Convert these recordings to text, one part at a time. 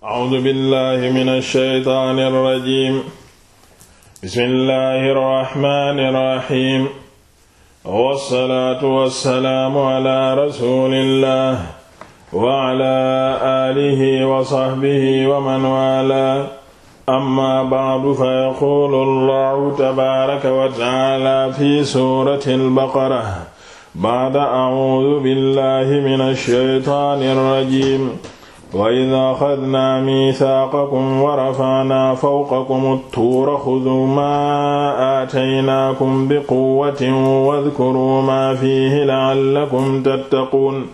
A'uuzu billaahi mina shaytaani rajiim. Bismillaahi rahmaani rahiim. Wassalaatu wassalaamu alaa rasuulillaah wa alaa aalihi wa sahbihi wa man waalaa. Ammaa ba'du fa yaquulu Allaahu tabaaraka wa ta'aalaa fi suuratil baqara. Ba'da a'uuzu billaahi mina shaytaani rajiim. wa id axadna misaaqakum wa rafanaa fawqakum tuura xuduu maa aataynaakum biquwatin wadkuruu maa fiihi la'allakum tattaquun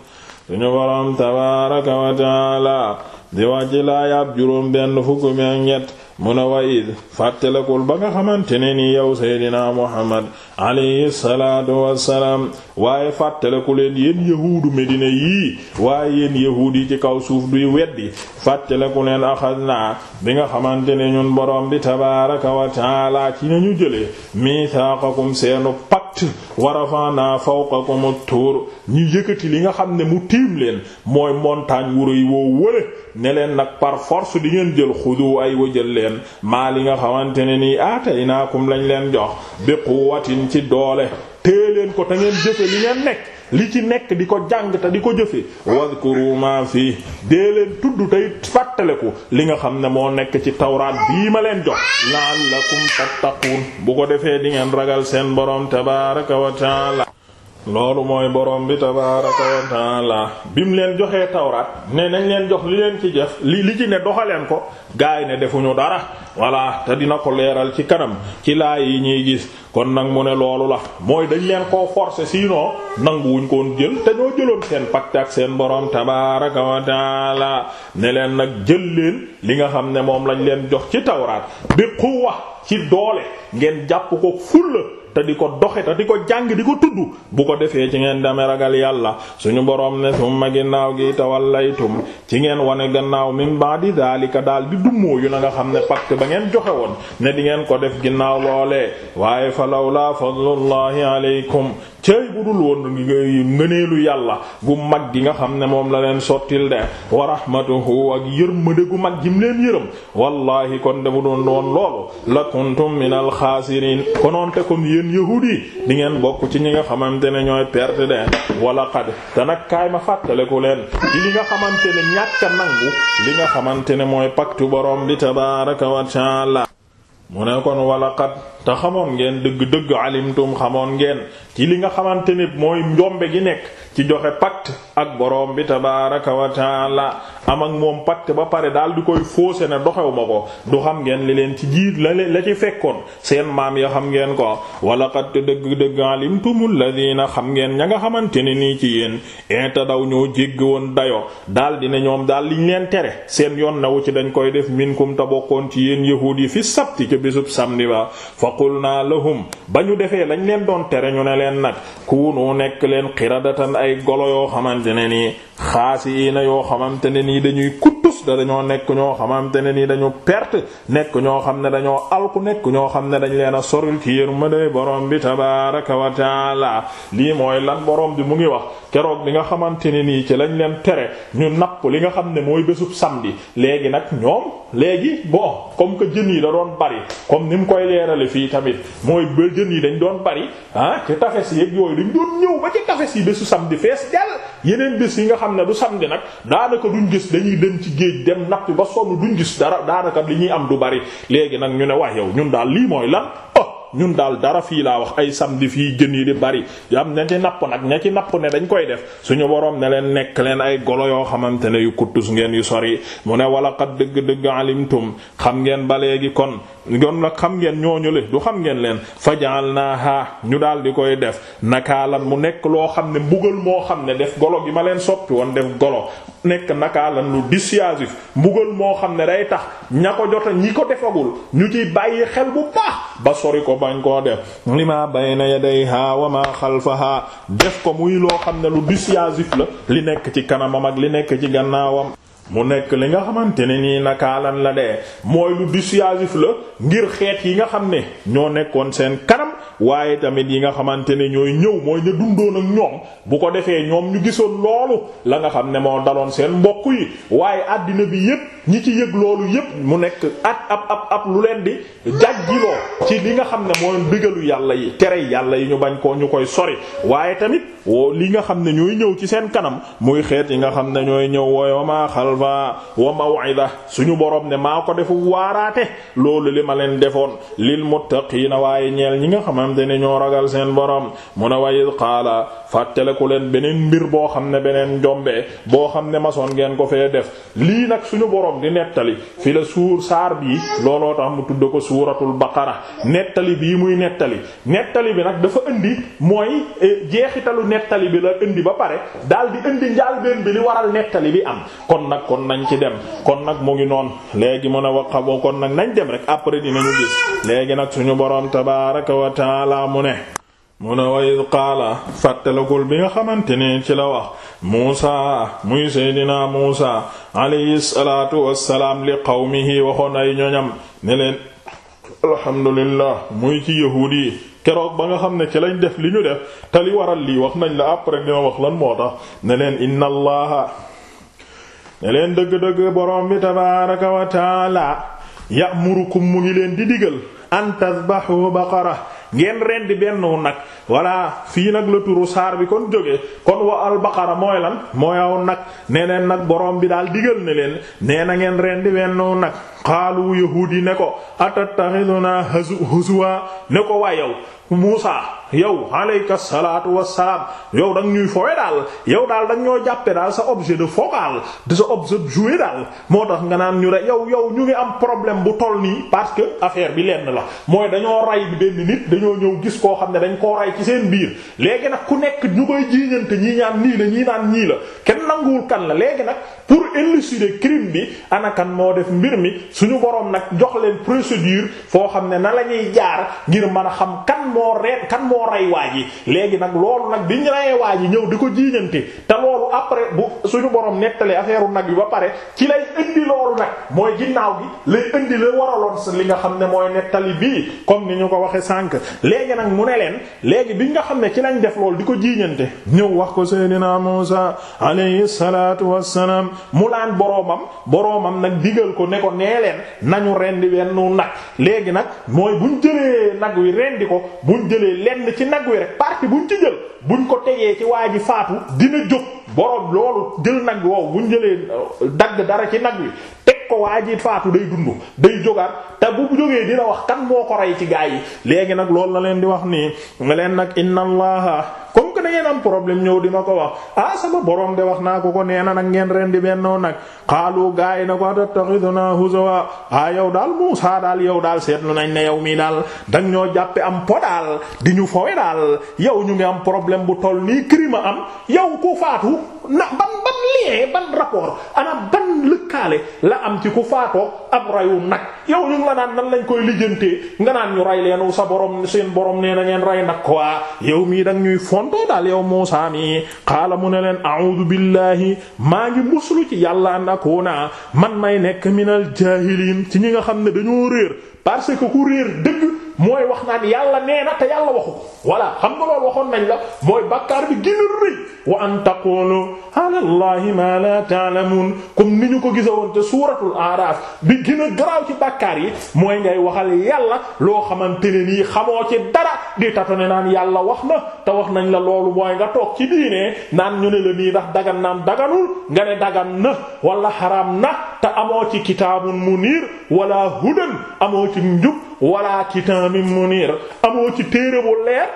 suñu boroom tabaaraka wa taala di wax ci laayab juróom benn fukk ak ñett mu ne wa id fàttalekul ba nga xamante ne ni yow seydinaa muhammad alayhi salaatu wassalaam waaye fàttaleku leen yéen yahuudu medina yii waaye yéen yahuud ci kaw suuf duy weddi fàttaleku leen axad naa bi nga xamante ne ñun boroom bi tabaaraka wa taala ci nañu jëlee miithaaqakum seenu pacte wa rafa'naa fawqakum at-tuur ñu yëkkati li nga xam ne mu tiim leen mooy montagne wu rëy woo wële ne leen nag par force di ngeen jël xudu ay wa jël leen leen maa li nga xamante ne nii aataynaakum lañ leen jox bi quwwatin ci doole tée leen ko te ngeen jëfe li ngeen nekk li ci nekk di ko jàng te di ko jëfe wadhkuru ma fii dee leen tudd tey fàttaleku li nga xam ne moo nekk ci tawraat bii ma leen jox la'allakum tattaqun bu ko defee di ngeen ragal seen borom tabaraka wa taala loolu mooy borom bi tabaraka wa taala bi mu leen joxee tawraat ne nañ leen jox li leen ci jëf li li ci ne doxaleen ko gaay ne defuñu dara voilà te dina ko leeral ci kanam ci laay yi ñuy gis kon nag mu ne loolu la mooy dañ leen koo forcer sinon nanguwuñ koon jël te ñoo jëloon seen pacte ak seen borom tabaraka wa taala ne leen nag jël leen li nga xam ne moom lañ leen jox ci tawraat bi quwwa ci doole ngeen jàpp ko fulla te di ko doxe te di ko jàng di ko tudd bu ko defee ci ngeen deme ragal yàlla suñu boroom ne summa ginnaaw gi tawallaytum ci ngeen wane gannaaw dummoo yu na nga xam ne pacte ba ngeen joxe woon ne di ngeen ko def ginnaaw loolee waaye fa lawla fadlullahi alaykum cëy bu dul woon ngëneelu yàlla gu mag gi nga xam ne moom la leen sottil de wa rahmatuhu ak yërmande gu mag jim leen yërëm wallahi kon de bu doon woon loolu la kuntum minal xaasiriin konoonte kon yéen yahuudi di ngeen bokk ci ñi nga xamante ne ñooy perte de wala xad te nag kaay ma fàttaleku leen di li nga xamante ne ñàkk a nangu li nga xamante ne mooy paktu borom di tabaaraka wa mu ne kon walaqat te xamoon ngeen dëgg-dëgg alimtum xamoon ngeen ci li nga xamante ni mooy njombe gi nekk ci joxe pacte ak boroom bi tabaaraka wa taala am ak moom pacte ba pare daal di koy fóose ne doxew ma ko du xam ngeen li leen ci jiit la la ci fekkoon seen maam ya xam ngeen ko walaqat te dëgg-dëgg alimtumul ladina xam ngeen ña nga xamante ne nii ci yéen inta eh, daw ñoo jégg woon dayo daal di ne ñoom daal liñ leen tere seen yoon naw ci dañ koy def minkum ta bokkoon ci bésub samedi ba fa naa lahum ba ñu defee lañ leen doon tere ñu ne leen nag kuunu nekk leen xiradatan ay golo yoo xamante ne nii xaasiina yoo xamante ne nii dañuy kuttus da dañoo nekk ñoo xamante ne nii dañu perte nekk ñoo xam ne dañoo alku nekk ñoo xam ne dañ leen a soril ci yërmande borom bi tabaaraka wa taala lii mooy lan borom bi mu ngi wax keroog li nga xamante ne nii ci lañ leen tere ñu napp li nga xam ne mooy bésub samedi léegi nag léegi bon comme comme ni mu koy leerale fii tamit mooy ba jën yi dañ doon bari ah ci tafes yeeg yooyu dañ doon ñëw ba ci tafes yi bésu samedi fees jàll yeneen bés yi nga xam ne du samedi nag daanaka duñ gis dañuy dem ci géej dem nappi ba sonn duñ gis dara daanaka li ñuy am du bari léegi nag ñu ne wax yow ñun daal lii mooy lan ñun daal dara fii laa wax ay samedi fii jën yi di bari yam ña ci napp nag ña ci napp ne dañ koy def suñu woroom ne leen nekk leen ay golo yoo xamante ne yu kuttus ngeen yu sori mu ne wala xat dëgg-dëgg alimtum xam ngeen ba léegi kon kon nag xam ngeen ñooñu le du xam ngeen leen naa fajaalnaaha ñu daal di koy def nakaalan mu nekk loo xam ne mbugal moo xam ne def golo gi ma leen soppi woon def golo nekk nakaalan lu dissuasif mbugal moo xam ne day tax ña ko jota ñi ko defagul ñu ci bàyyi xel bu baax ba sori ko bañ koo def li ma bayna yadayha wa ma xalfaha def ko muy loo xam ne lu dissuasif la li nekk ci kanamam ak li nekk ci gannaawam mu nekk li nga xamante ne nii nakaalan la dee mooy lu dissuasif la ngir xeet yi nga xam ne ñoo nekkoon seen kanam waaye tamit yi nga xamante ne ñooy ñëw mooy ñu dundoon ak ñoom bu ko defee ñoom ñu gisoon loolu la nga xam ne moo daloon seen mbokk yi waaye àddina bi yépp ñi ci yëg loolu yépp mu nekk at ab ab ab lu leen di jàjjiloo ci li nga xam ne mooy ndigalu yàlla yi tere yàlla yi ñu bañ koo ñu koy sori waaye tamit woo li nga xam ne ñooy ñëw ci seen kanam muy xeet yi nga xam ne ñooy ñëw wooy ma xalva wa maw'ida suñu boroom ne maa ko defu waaraate loolu li xamante ne ñoo ragal seen borom mu ne wayit xaala fàttaleku leen beneen mbir boo xam ne beneen njombee boo xam ne masoon ngeen ko fee def lii nag suñu borom di nettali fi la suur saar bii looloo tax mu tudd ko suuratul baqara nettali bii muy nettali nettali bi nag dafa indi mooy eh, jeexitalu nettali bi la indi ba pare daal di indi njaalbeen bi li waral nettali bi am kon nag kon nañ ci dem kon nag mu ngi noonu léegi mu ne wax xamoo kon nag nañ dem rek après dinañu gis léegi nag suñu boroom tabaaraka wa taala mu ne mu ne wa id qaala fàttalakul bi nga xamante ne ci la wax muusa muy seydinaa muusa alayhi salaatu wassalaam li qawmihi waxoon ay ñoñam ne leen alhamdulillah muy ci yahuud yi keroog ba nga xam ne ci lañ def li ñu def te li waral lii wax nañ la après dina wax lan moo tax ne leen inna allaha ne leen dëgg-dëgg boroom bi tabaaraka wa taala ya'murukum mu ngi leen di digal an tadbahu baqara ngeen rendi benn nag voilà fii nag la turu saar bi kon jóge kon wa al baqara mooy lan mooy aw nag nee neen nag borom bi daal digal ne leen nee na ngeen rendi benn nag xaalu yahuud yi ne ko atattaxiduna huzuwa ne ko waa yow Muusa yow alayka salaatu wassalaam yow dang ñuy fowe daal yow daal dang ñoo jàppe daal sa objet de focal de sa objet de jouet daal moo tax nga naan ñu rek yow yow ñu ngi am problème bu toll nii parce que affaire bi lenn la mooy dañoo ray bi benn nit dañoo ñëw gis koo xam ne dañ koo ray ci seen biir léegi nag ku nekk ñu koy jiiñante ñii ñaan nii la ñii naan ñii la kenn nanguwul kan la léegi nag pour élucider crime bi ana moo def mbir mi suñu boroom nag jox leen procédure foo xam ne na lañuy jaar ngir mën a xam kan moo re kan moo rey waay yi léegi nag loolu nag bi ñu reyee waay ji ñëw di ko jiiñante te loolu après bu suñu borom nettalee affaire nag yi ba pare ci lay indi loolu nag mooy ginnaaw gi lay indi la waraloon sa li nga xam ne mooy nettali bii comme ni ñu ko waxee sànq léegi nag mu ne leen léegi bi nga xam ne ci lañ def loolu di ko jiiñante ñëw wax ko Seydina Muusa alayhi salaatu wassalaam mu laan boroomam boroomam nag digal ko ne ko nee leen nañu rendi benn nag léegi nag mooy buñ jëlee nag wi rendi ko buñ jëlee lenn ci nag wi rek partie buñ ci jël buñ ko tegee ci waa ji faatu dina jóg boroom loolu jël nag bi wow bu ñu jëlee euh, dagg dara ci nag wi teg ko waa ji faatu day dundu day jógaat te bu jógee dina wax kan moo ko rey ci gaa yi léegi nag loolu la leen di wax nii nga leen nag inna allaha comme que da am problème ñëw di ma ko wax ah sama borom de wax naa ko ko nee na nag ngeen ren di bennoo nag xaalu gaa yi na ko atattaxiduna huzawa ah yow daal Muusaa daal yow daal seetlu nañ ne yow mii daal da ñoo jàppee am po daal di ñu fowe daal yow ñu ngi am problème bu toll nii crime am yow ku faatu na ban lien ban rapport ana ban lëkkaale la am ci ku faatoo ab rayu nag yow ñu ngi naan nan lañ koy lijjantee nga naan ñu ray leen leenu sa borom seen borom nee na ngeen ray nag quoi yow mii dang ñuy fontoo daal yow Muusaa mii xaala mu ne leen a'uudu billaahi maa ngi muslu ci yàlla an naa man may nekk minal jaahiliin ci ñi nga xam ne dañu réer parce que ku réer dëgg mooy wax naan yàlla nee na te yàlla waxu ko voilà xam nga loolu waxoon nañ la mooy bàkkaar bi gën a rëy wa an taqulu ala allahi ma la ta'lamun comme ni ñu ko gisawoon te suuratul aaraaf bi gën garaaw ci bàkkaar yi mooy ngay waxal yàlla loo xamante ne nii xamoo ci dara di ne naan yàlla wax na te wax nañ la loolu mooy nga toog ci diine naan ñu ne la nii ndax dagan naan daganul nga ne dagan na wala xaraam na te amoo ci kitaabun muniir wala hudan amoo ci wala kitaabin muniir amoo ci téere bu leer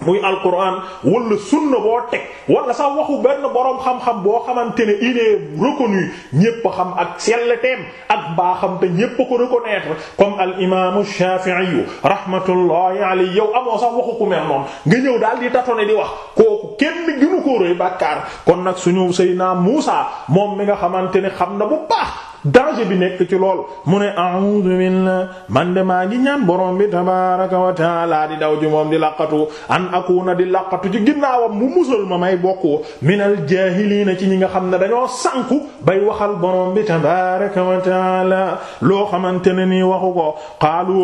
muy alquran wala sunna boo teg wala sax waxu benn boroom xam-xam boo xamante ne il est reconnu ñépp xam ak selleteem ak baaxam te ñépp a ko reconnaître comme al imaamu Shafi'i rahmatullahi alayhi yow amoo sax waxu ku mel noonu nga ñëw daal di tatonné di wax kooku kenn gënu ko rëy bàkkaar kon nag suñu Seydina Muusa moom mi nga xamante ne xam na bu baax. danger bi nekk ci lool mu ne a'udhu billah man de maa ngi ñaan borom bi tabaaraka wa taala di daw ji moom di laqatu an na di laqatu ci ginnaawam mu musal ma may bokku minal jaahiliina ci ñi nga xam ne dañoo sanku bay waxal borom bi tabaaraka wa taala loo xamante ne nii waxu ko xaalu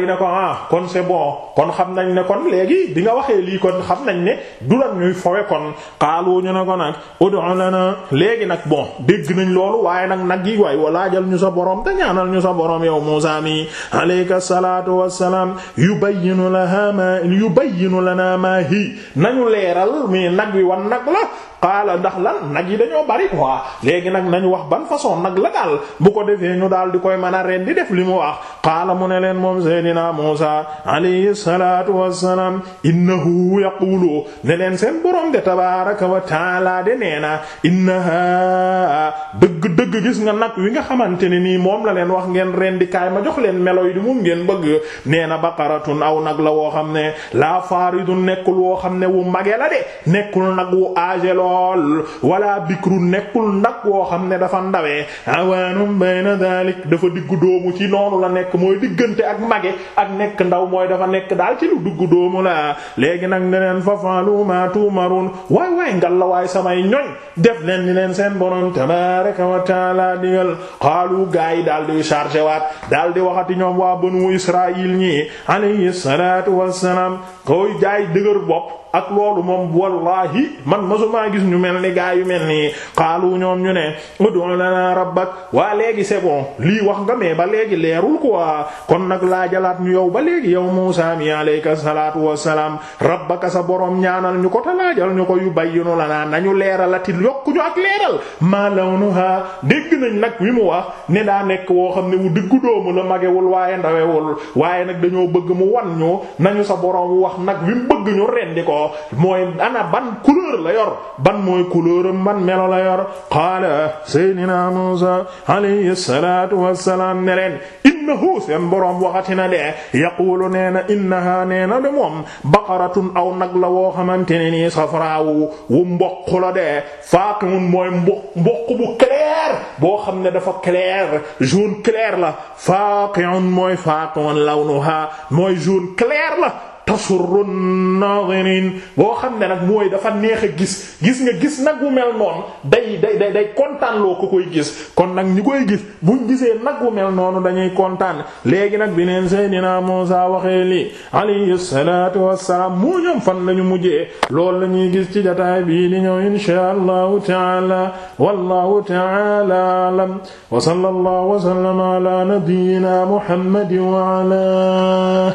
yi na ko ah kon c'est bon kon xam nañ ne kon léegi bi nga waxee lii ko xam nañ ne du la ñuy fowe kon xaalu ñu ne ko nag ud'u na léegi nag bon dégg waay walaajal ñu sa borom te ñaanal ñu sa borom yow Muusaa mi alayka salaatu wassalaam yubayyinu laha ma yubayyinu lana ma hi nañu leeral mi nag wi wan nag la qaala ndax lan nag yi dañoo bari quoi léegi nag nañu wax ban façon nag la daal bu ko defee ñu daal di koy mën a ren def li mu wax qaala mu ne leen moom seydina Muusa alayhi salaatu wassalaam innahu yaqulu ne leen seen borom de tabaaraka wa taala de nee na innaha dëgg-dëgg gis nga nag wi nga xamante ne nii moom la leen wax ngeen rendikaay ma jox leen melo yi di moom ngeen bëgg nee na baqaratun aw nag la woo xam ne laa faaridun nekkul woo xam ne wu mage la lool wala bikru nekkul nag woo xam ne dafa ndawee awaanum bayna dalik dafa diggu doomu ci noonu la nekk mooy diggante ak mage ak nekk ndaw mooy dafa nekk daal ci lu duggu doomu la léegi nag ne leen fafalu ma tumarun waay waay ngal la waay samay ñoñ def leen ni leen seen borom tabaraka wa taala digal xaalu gaa yi daal di chargé waat daal di waxati ñoom waa banu israil ñi alayhi salatu wassalam koy jaay dëgër bopp ak loolu moom wallahi man masumaa gis ñu mel ni gaa yu mel nii xaalu ñoom ñu ne ud'u lana rabbak waa léegi c'est lii wax nga mais ba léegi leerul quoi kon nag laa jalaat ñu yow ba léegi yow Muusaa mi alayka salaatu wassalaam rabbaka sa boroom ñaanal ñu ko te laajal ñu ko yu bayyinu lana nañu leeralati yokku ñu ak leeral maa lawnuha dégg nañ nag wi mu wax ne daa nekk woo xam ne wu diggu doomu la magewul waaye ndawewul waaye nag dañoo bëgg mu wan ñu nañu sa wax nag wi melo mooy ana ban couleur la yor ban mooy couleur am ban melo la yor qaala seydina Muusa alayhi salaatu wassalaam ne leen innahu seen boroom waxati na de yaquulu nee na innaha nee na de moom baqaratun aw nag la woo xamante ne nii safraawu wu mboq la de faaqimun mooy mboq mboq bu clair boo xam ne dafa clair jaune clair la faaqimun mooy faaqimun lawnuha mooy jaune clair la tasurru naadirin boo xam ne nag mooy dafa neex a gis gis nga gis nag wu mel noonu day day kontaan loo ko koy gis kon nag ñi koy gis buñ gisee nag wu mel noonu dañuy kontaan léegi nag bi neen Seydina Muusaa waxee lii alayhi salaatu wassalaam mu ñoom fan lañu mujjee loolu lañuy gis ci jotaay bii di ñëw inshaa Allahu ta'ala wallahu ta'ala a'lam wa sallallahu wa sallama ala nabiyyina wa ala